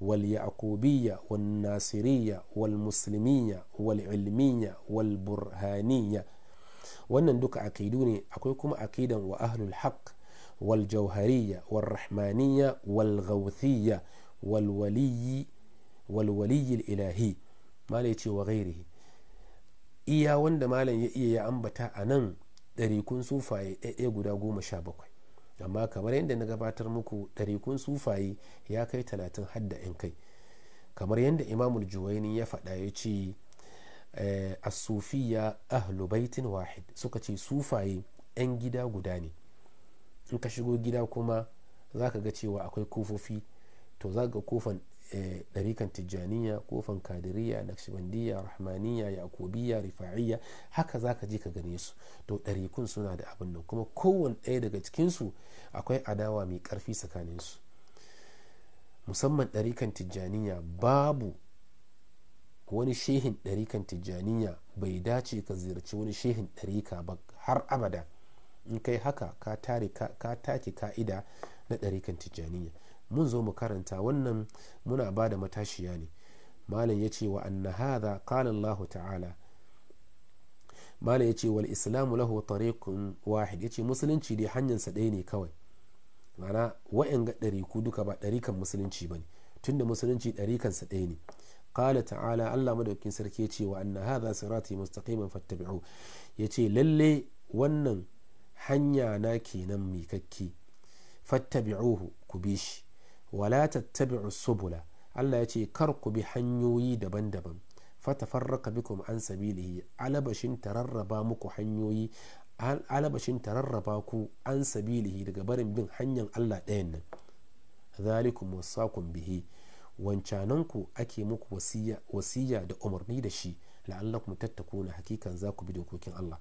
wal wal واليعقوبية والناصرية والمسلمية والعلمية والبرهانية wannan duka akidu ne akwai kuma akidan wa ahlul haq wal jauhariya wal rahmaniyya wal gauthiyya wal waliyyi ilahi malai ce wa gairihi iya wanda malam ya iya ya ambata a nan ɗarikun sufaye ɗaiɗaya guda goma sha bakwai amma kamar yadda na gabatar muku ɗarikun sufaye ya kai talatin hadda 'yan kai kamar yadda imamul juwaini ya faɗa ya ce eh, asufiya ahlu baitin wahid suka ce sufaye 'yan gida guda ne in ka shigo gida kuma za ka ga cewa akwai kofofi to za ga kofan Eh, ɗarikan tijjaniya kofan kadiriya nakshibandiya rahmaniya yakubiya rifa'iyya haka za ka je ka gane su to ɗarikun suna da abin nan kuma kowane ɗaya daga cikinsu akwai adawa mai ƙarfi tsakaninsu musamman ɗarikan tijjaniya babu wani shehin ɗarikan tijjaniya bai dace ka ziyarci wani shehin ɗarika ba har abada in kai haka ka take ka'ida na ɗarikan tijjaniya mun zo mu karanta wannan muna ba da matashiya ne malam ya ce wa anna hadha qala Allah ta'ala malam ya ce wal islamu lahu tariqun wahid yace musulunci dai hanyarsa ɗaya ne kawai mana wa'in ga ɗariku duka ba ɗarikan musulunci bane tunda musulunci ɗarikansa ɗaya ne qala ta'ala Allah madaukakin sarki yace wa anna hadha sirati mustaqiman fattabi'u yace lalle wannan hanya na kenan mikakki fattabi'uhu ku bi shi wala tattabi'u subula Allah ya ce kar ku bi hanyoyi daban-daban fatafarraka bikum an sabilihi alabashin tararraba muku hanyoyi alabashin tararraba ku an sabilihi daga barin bin hanyar Allah ɗayan nan zalikum wasakun bihi wancanan ake muku wasiya da umarni da shi la'allakum tattakuna hakikan za ku bi dokokin Allah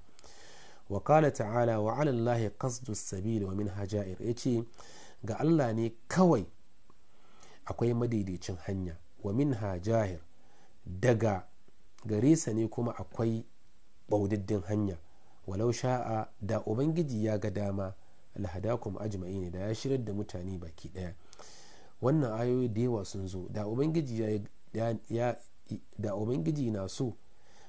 wakala ta'ala wa 'ala Allahi qasdu as wa minha ja'ir yace ga Allah ne kawai akwai madaidaicin hanya wa minha jahir daga gare sa ne kuma akwai baudiddin hanya walau sha'a da ubangiji ya ga dama alhadakum ne da ya shirar da mutane baki daya wannan ayoyi da yawa sun zo da ubangiji da ubangiji na so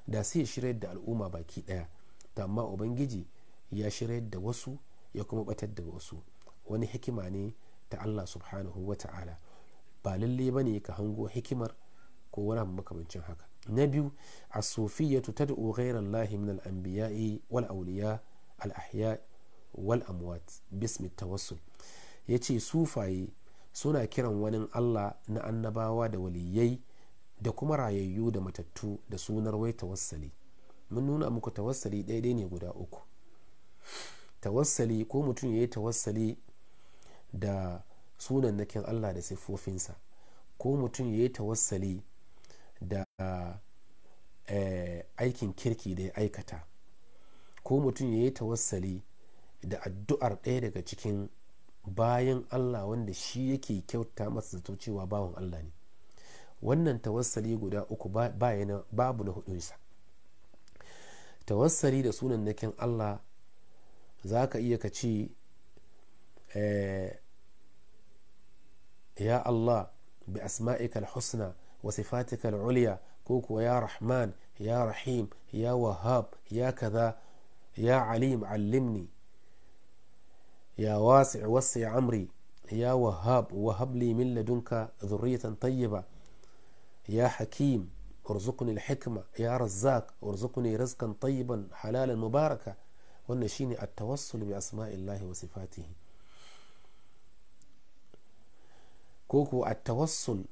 da sai shirar da al'umma baki daya ta amma ubangiji ya shirar da wasu ya kuma batar da wasu wani hikima ne ta allah subhanahu wa ta'ala ba lalle ba ne ka hango hikimar ko wani abu makamancin haka na biyu a sufiyatu ta da'u ghairan lahi min al'anbiya'i wal auliya al ahya wal amwat bismi tawassul ya ce sufaye suna kiran wani allah na annabawa da waliyai da kuma rayayyu da matattu da sunar wai tawassali mun nuna muku tawassali daidai ne guda uku tawassali ko mutum ya yi tawassali da sunan nakin Allah da siffofinsa ko mutum ya yi tawassali da eh, aikin kirki da ya aikata ko mutum ya yi tawassali da addu'ar ɗaya daga cikin bayan Allah wanda shi yake kyauta masa zato cewa bawan Allah ne wannan tawassali guda uku babu na hudunsa tawassali da sunan nakin Allah za ka iya ka ce eh, يا الله بأسمائك الحسنى وصفاتك العليا كوك يا رحمن يا رحيم يا وهاب يا كذا يا عليم علمني يا واسع وسع عمري يا وهاب وهب لي من لدنك ذرية طيبة يا حكيم ارزقني الحكمة يا رزاق ارزقني رزقا طيبا حلالا مباركا والنشيني التوصل بأسماء الله وصفاته ko ko a tawassul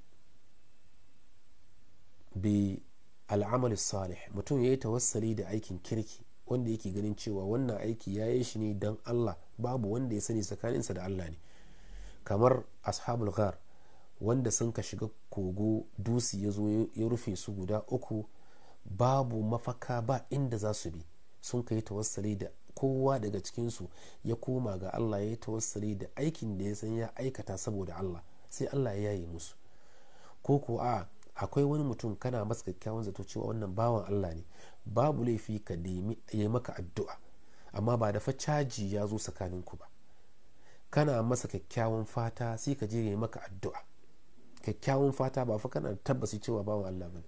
bi al'amal salih mutum ya yi tawassali da aikin kirki wanda yake ganin cewa wannan aiki ya yi shi ne don Allah babu wanda ya sani tsakaninsa da Allah ne kamar ashabul ghar wanda sun ka shiga kogo dusi ya zo ya rufe su guda uku babu mafaka ba inda za su bi sun ka yi tawassali da kowa daga cikinsu ya koma ga Allah ya yi tawassali da aikin da ya san ya aikata saboda Allah sai Allah ya yi musu ko ko a akwai wani mutum kana masa kyakkyawan zato cewa wannan bawan Allah ne babu laifi ka nemi ya maka addu'a amma ba da fa caji ya zo tsakanin ku ba kana masa kyakkyawan fata sai ka je ya yi maka addu'a kyakkyawan fata ba fa kana tabbasi cewa bawan Allah ne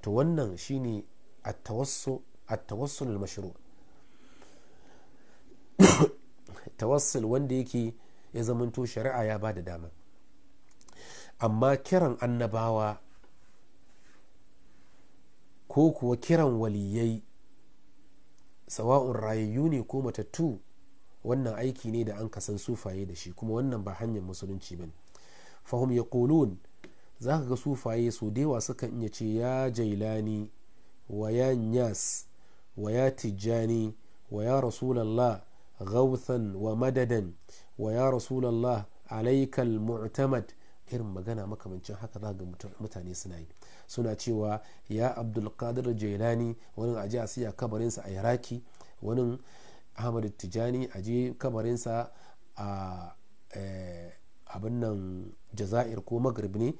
to wannan shine at-tawassul tawassul mashru <coughs> tawassul wanda yake ya zamanto shari'a ya ba da dama amma kiran annabawa ko kuwa kiran waliyai sawa'un rayayyu ne ko matattu wannan aiki ne da an kasan sufaye da shi kuma wannan ba hanyar musulunci ba fahim ya kolon za ka ga sufaye su dewa sukan iya ce ya jailani wa ya nyas wa ya tijjani wa ya rasulallah gauthan wa madadan wa ya rasulallah alaikal mu'tamad irin magana makamancin haka za ga mutane suna yi suna cewa ya abdulkadir jailani wani aje a siya kabarinsa a iraki wani ahmad tijani aje kabarinsa a eh, abin nan jazair ko magrib ne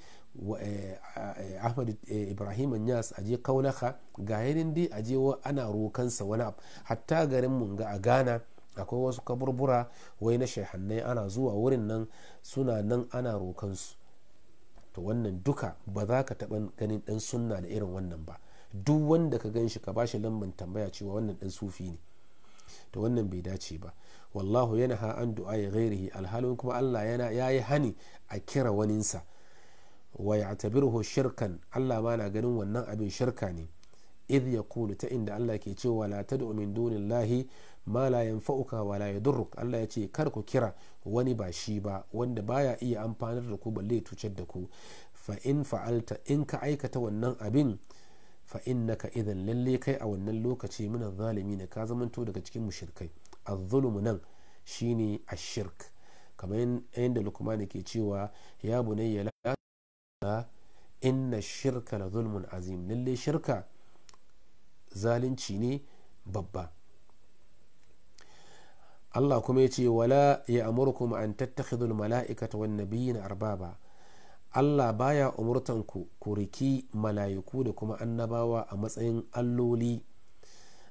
eh, ahmad eh, ibrahim yas aje kaulaka ga yanin dai aje ana rokansa wani abu hatta garin mun ga a ghana akwai wasu kaburbura wai na shaihannai ana zuwa wurin nan suna nan ana rokansu to wannan duka ba za ka taɓa ganin ɗan sunna da irin wannan ba duk wanda ka gan shi ka shi lamban tambaya cewa wannan ɗan sufi ne to wannan bai dace ba wallahu yana ha an du'a ya gairahi alhalin kuma Allah yana yi hani a kira waninsa wa ho shirkan Allah ma na ganin wannan abin shirka ne idh yaqulu ta inda Allah ke cewa la tad'u min dunillahi ma la yanfa'uka wa la Allah ya ce kar ku kira wani ba shi ba wanda baya iya amfanar da ku balle tucar da ku fa in fa'alta in ka aikata wannan abin fa innaka idan lalle kai a wannan lokaci mina zalimi ne ka zamanto daga cikin mushirkai az-zulmu nan shine ash-shirk kamar yadda lukman ke cewa ya bunayya la inna shirka la zulmun azim lalle shirka zalunci ne babba Allah kuma ya ce wala ya amurkum an tattakhidul mala'ikata wan nabiyina arbaba Allah baya umurtan ku ku riki mala'iku da kuma annabawa a matsayin alloli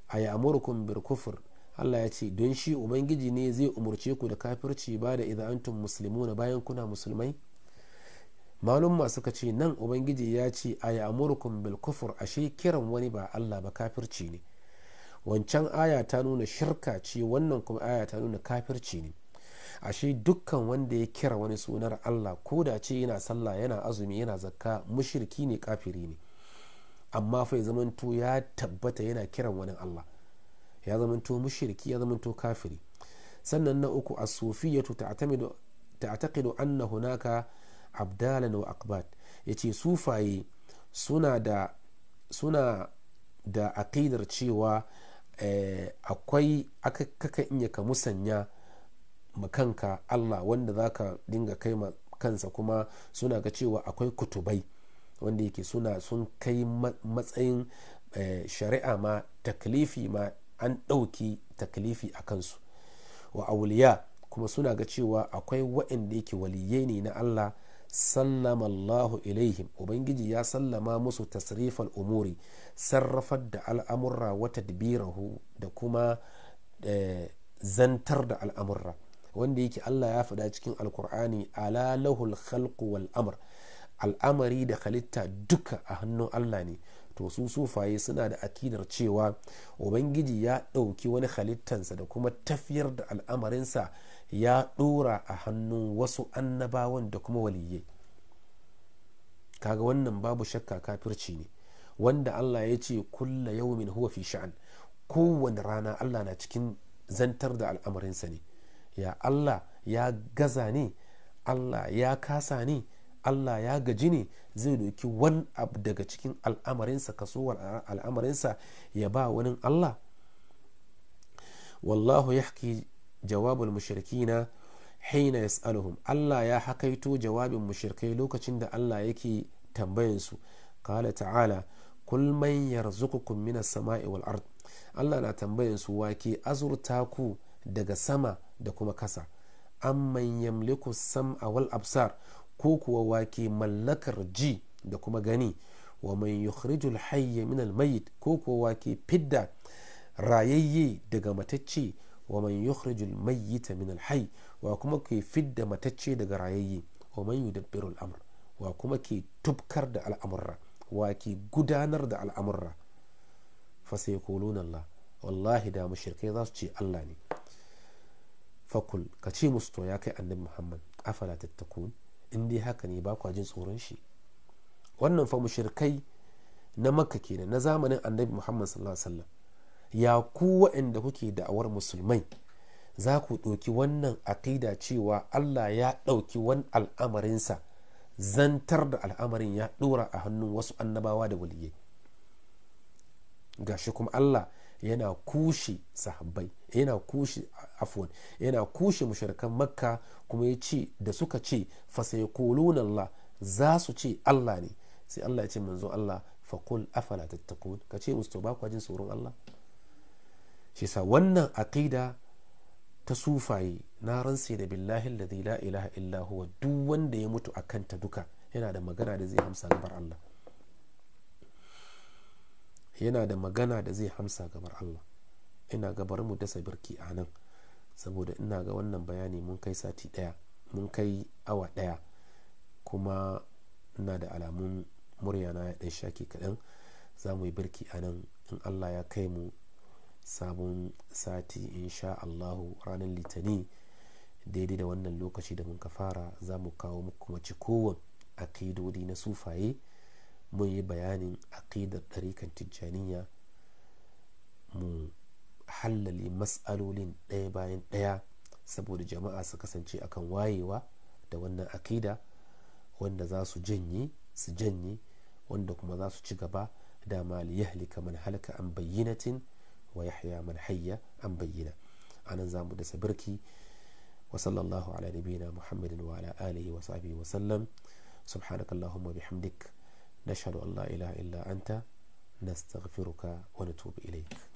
a ya amurku bil kufr Allah ya ce don shi ubangiji ne zai umurce ku da kafirci ba da idan antum muslimuna bayan kuna musulmai malumma suka ce nan ubangiji ya ce a ya amurku bil kufr ashe kiran wani ba Allah ba kafirci ne wancan aya ta nuna shirka ce wannan kuma aya ta nuna kafirci ne ashe dukkan wanda ya kira wani sunar Allah ko da ce yana sallah yana azumi yana zakka mushirki ne kafiri ne amma fa ya zamanto ya tabbata yana kiran wani Allah ya zamanto mushirki ya zamanto kafiri sannan na uku a sufiyatu ta'tamidu ta'taqidu anna hunaka abdalan wa ya ce sufaye suna da suna cewa Eh, akwai kaka iya ka musanya makanka allah wanda za ka dinga kai ma kansa kuma suna ga cewa akwai kutubai wanda yake suna sun kai matsayin eh, shari'a ma taklifi ma an ɗauki taklifi a kansu wa auliya kuma suna ga cewa akwai waɗanda yake waliyai ne na allah sallama Allahu ilaihim ubangiji ya sallama musu tasrifal umuri sarrafar da al'amurra wata tadbirahu da kuma eh, zantar da al'amurra wanda yake Allah ya faɗa cikin alkur'ani ala lahul khalqu wal amr al'amari da halitta duka a hannun Allah ne to su sufaye suna da akidar cewa ubangiji ya ɗauki wani halittansa da kuma tafiyar da al'amarinsa ya ɗora a hannun wasu annabawan da kuma waliyyai kaga wannan babu shakka kafirci ne wanda Allah ya ce kulla yaumin huwa fi sha'an kowane rana Allah na cikin zantar da al'amarinsa ne ya Allah ya gaza ne Allah ya kasa ne Allah ya gaji ne zai doki wani abu daga cikin al'amarinsa kasuwar al'amarinsa ya ba wani Allah wallahu ya jawabul mushrikina hina yas'aluhum Allah ya hakaito jawabin mushrikai lokacin da Allah yake tambayan su qala ta'ala kul man yarzuqukum minas sama'i wal ard Allah na tambayan su wake azurta ku daga sama da kuma kasa amman yamliku sam'a wal absar ko kuwa wake mallakar ji da kuma gani wa man yukhrijul hayya minal mayyit ko kuwa wake fidda rayayye daga matacce wa man yukhrijul mayyita min alhayy wa kuma ke fidda matacce daga rayayye wa man yudabbiru al'amr wa kuma ke tubkar da al'amurra wa ke gudanar da al'amurra fa sai Allah wallahi da mushrikai za su ce Allah ne fakul ka ce musu to ya kai annabi Muhammad afala tattakun in dai haka ne ba jin tsoron shi wannan fa mushrikai na makka kenan na zamanin annabi Muhammad sallallahu alaihi wasallam ya ku waɗanda kuke da'awar musulmai za ku ɗauki wannan aƙida cewa Allah ya ɗauki wani al'amarinsa zantar da al'amarin ya ɗora a hannun wasu annabawa da waliyai gashi kuma Allah yana kushe sahabbai yana kushe afwan yana kushe mushrikan makka kuma ya ce da suka ce fasayaquluna Allah za su ce Allah ne sai Allah ya ce manzo Allah faqul afala tattaqun ka ce musu ba ku jin tsoron Allah shi sa wannan aqida ta sufaye na ransa da billahi alladhi la ilaha illa huwa duk wanda ya mutu a kanta duka yana da magana da zai hamsa gabar Allah yana da magana da zai hamsa gabar Allah ina gabar mu dasa birki a nan saboda ina ga wannan bayani mun kai sati daya mun kai awa daya kuma ina da alamun murya na ya dan shaki kadan za mu yi birki a nan in Allah ya kai mu sabon sati insha allahu ranar litani daidai da wannan lokaci da muka fara za mu kawo muku kuma cikowar akidodi na sufaye mun yi bayanin akidar tarikan tijjaniya mu hallali matsalolin ɗaya bayan ɗaya saboda jama'a su kasance akan wayewa da wannan akida wanda za su janye su janye wanda kuma za su ci gaba da ma liyahlika halka an bayyanatin ويحيى من حي أم بينا أنا نزام بدس بركي وصلى الله على نبينا محمد وعلى آله وصحبه وسلم سبحانك اللهم وبحمدك نشهد أن لا إله إلا أنت نستغفرك ونتوب إليك